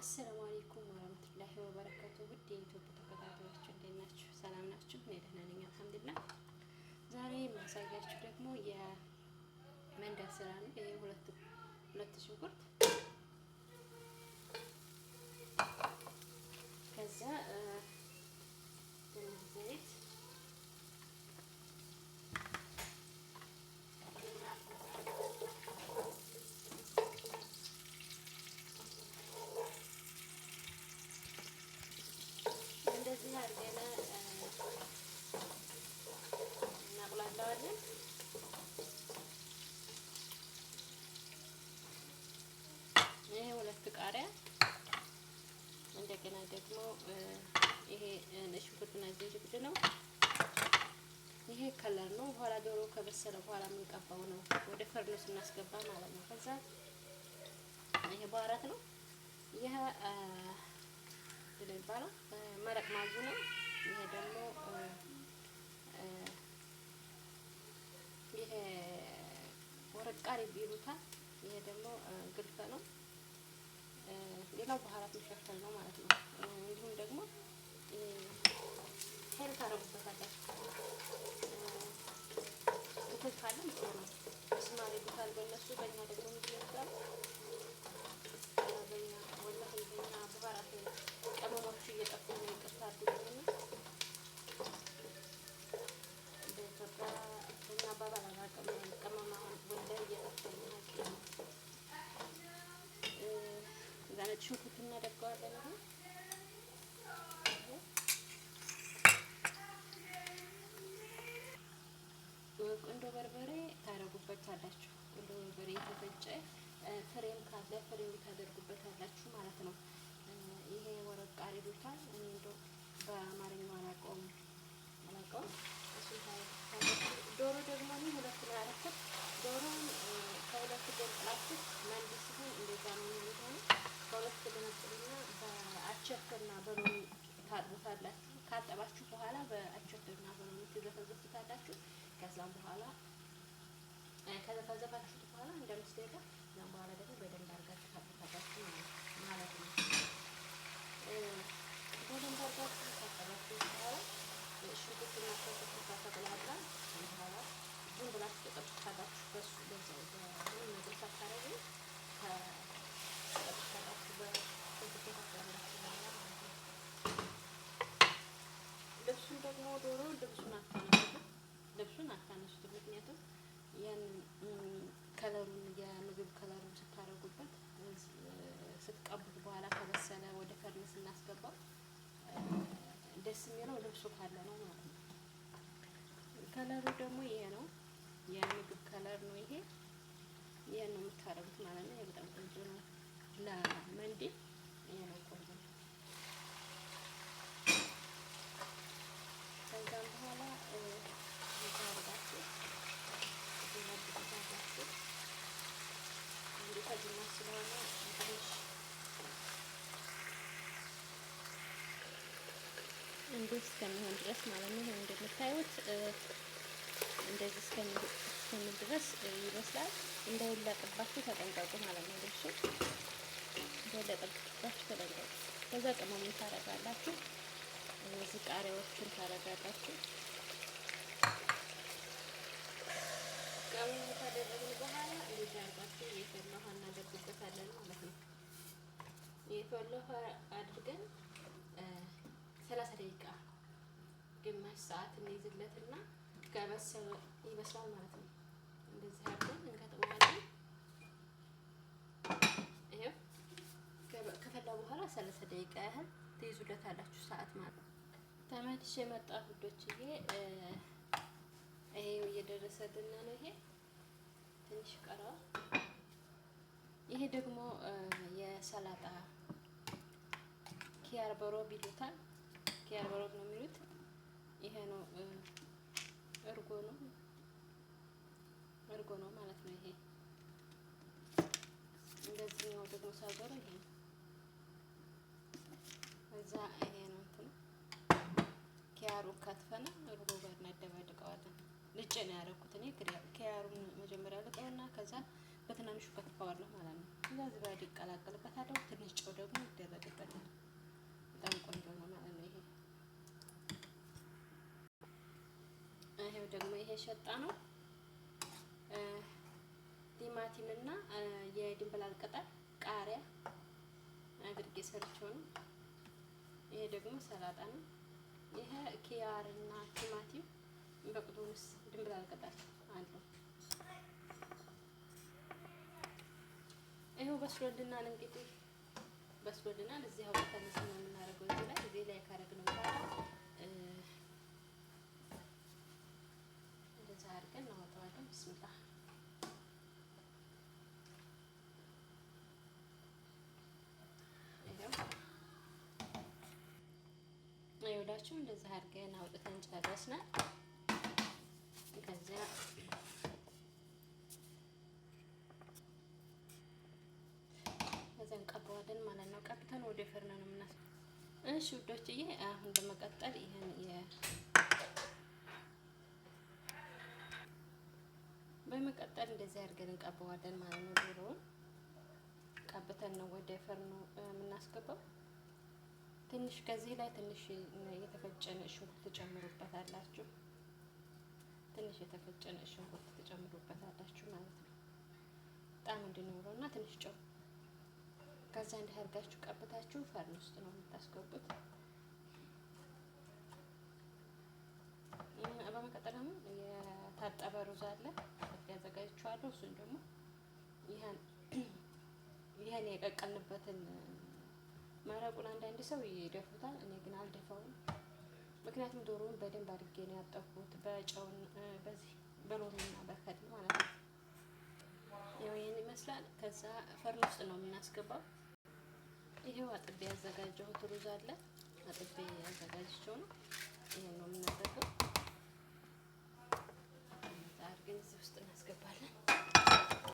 አሰላሙ አሌይኩም ወረህመቱላሂ ወበረከቱ። ውድ የኢትዮጵያ ተከታታዮች እንዴት ናችሁ? ሰላም ናችሁ? እኔ ደህና ነኝ አልሐምዱሊላህ። ዛሬ የማሳያችሁ ደግሞ የመንደር ስራ ነው። ሁለት ሽንኩርት እንደገና ደግሞ ይሄ ሽንኩርትና ዝንጅብል ነው። ይሄ ከለር ነው። በኋላ ዶሮ ከበሰለ በኋላ የምንቀባው ነው። ወደ ፈርኖስ እናስገባ ማለት ነው። ከዛ ይሄ በአራት ነው። ይሄ የሚባለው መረቅ ማዙ ነው። ይሄ ደግሞ ይሄ ወረቃሪ ቢሉታል። ይሄ ደግሞ ግልፈ ነው። ሌላው ባህራት መሸፈል ነው ማለት ነው። እንዲሁም ደግሞ ሄል ታደርጉበታላችሁ። ክትል ካለ ምጥሩ ነው እስማ ሌጉታል በእነሱ በእኛ ደግሞ ምንድን ነው በእኛ ወላ በእኛ ባህራት ቅመሞቹ እየጠፉ ነው እናደርገዋለን። አሁን ቁንዶ በርበሬ ታደርጉበት አላችሁ። ቁንዶ በርበሬ የተፈጨ ፍሬም ካለ ፍሬም ታደርጉበት አላችሁ ማለት ነው። ይሄ ወረቅ አሪዶታል። እኔ እንደው በአማርኛው አላውቀውም አላውቀውም። ዶሮ ደግሞ ሁለት ነው ያደረኩት። ዶሮን ከሁለት ገንጥላችሁ በአቸርና በሎሚ ታጥቡታላችሁ። ካጠባችሁ በኋላ በአቸርና በሎሚ ትዘፈዘፉታላችሁ። ከዛም በኋላ ከዘፈዘፋችሁት በኋላ እንደምስደጋ ከዛም በኋላ ደግሞ እሱ ካለ ነው ማለት ነው። ከለሩ ደግሞ ይሄ ነው። እስከሚሆን ድረስ ማለት ነው። እንደምታዩት እንደዚህ እስከሚሆን ድረስ ይበስላል። እንዳይለቅባችሁ ተጠንቀቁ ማለት ነው። ልብሱ እንዳይለቅባችሁ ተጠንቀቁ። ከዛ ቅመሙን ታረጋላችሁ። እነዚህ ቃሪያዎቹን ታረጋላችሁ። ቅመሙን ካደረግን በኋላ እንደዚህ አድርጋችሁ እየፈላሁ እናደርግበታለን ማለት ነው። እየፈላሁ አድርገን በዚህ ሰዓት እንይዝለትና ከበሰለ ይበስላል ማለት ነው። እንደዚህ አድርገን እንከጥበዋለን። ይኸው ከፈላ በኋላ ሰላሳ ደቂቃ ያህል ትይዙለት አላችሁ ሰዓት ማለት ነው። ተመልሼ የመጣ ሁዶች ይሄ ይሄው እየደረሰልን ነው። ይሄ ትንሽ ቀረው። ይሄ ደግሞ የሰላጣ ነው የሚሉት ይሄ ነው እርጎ ነው እርጎ ነው ማለት ነው። ይሄ እንደዚህኛው ደግሞ ሳዞረ ይሄ ነው እዛ ይሄ ነው እንትኑ ኪያሩ ከትፈና እርጎ ጋር እናደባልቀዋለን። ልጭ ነው ያደረኩት እኔ ኪያሩን መጀመሪያ ልቀውና ከዛ በትናንሹ ከትፈዋለሁ ማለት ነው። እዛ ዝባድ ይቀላቀልበታል። ትንሽ ጨው ደግሞ ይደረግበታል። በጣም ቆንጆ ነው ማለት ነው። ደግሞ ይሄ ሸጣ ነው። ቲማቲም እና የድንብላል ቅጠል፣ ቃሪያ አድርጌ ሰርቼው ነው። ይሄ ደግሞ ሰላጣ ነው። ይሄ ኪያር እና ቲማቲም በቅዱስ ውስጥ ድንብላል ቅጠል አለው። ይሄው በስሎልናል እንግዲህ በስሎልናል። እዚህ አውጥተን ነው የምናደርገው። እዚህ ላይ እዚህ ላይ ካረግነው በኋላ ብስሚላ ይኸውላችሁ እንደዛ አድርገን አውጥተን ጨረስናል። ከዚያ ከዚያ እንቀባዋለን ማለት ነው። ቀብተን ወደ ፍርን ነው የምናስ እሺ ውዶችዬ አሁን እንደዚህ አድርገን እንቀበዋለን ማለት ነው። ዶሮውን ቀብተን ነው ወደ ፈርኖ የምናስገባው። ትንሽ ከዚህ ላይ ትንሽ የተፈጨነ ሽንኩርት ትጨምሩበት አላችሁ። ትንሽ የተፈጨነ ሽንኩርት ትጨምሩበት አላችሁ ማለት ነው። በጣም እንዲኖረው እና ትንሽ ጨው ከዛ እንዲህ አድርጋችሁ ቀብታችሁ ፈርን ውስጥ ነው የምታስገቡት። በመቀጠል ደግሞ የታጠበ ሩዝ አለ። አዘጋጅቼዋለሁ። እሱን ደግሞ ይህን የቀቀልንበትን መረቁን አንዳንድ ሰው ይደፉታል። እኔ ግን አልደፋውም። ምክንያቱም ዶሮውን በደንብ አድርጌ ነው ያጠፉት በጨውን በዚህ በሎሚና በከድን ማለት ነው። ያው ይህን ይመስላል። ከዛ ፈርን ውስጥ ነው የምናስገባው። ይሄው አጥቤ ያዘጋጀሁት ሩዝ አለ። አጥቤ ያዘጋጀቸው ነው። ይሄን ነው የምናደርገው። ዛር ግን que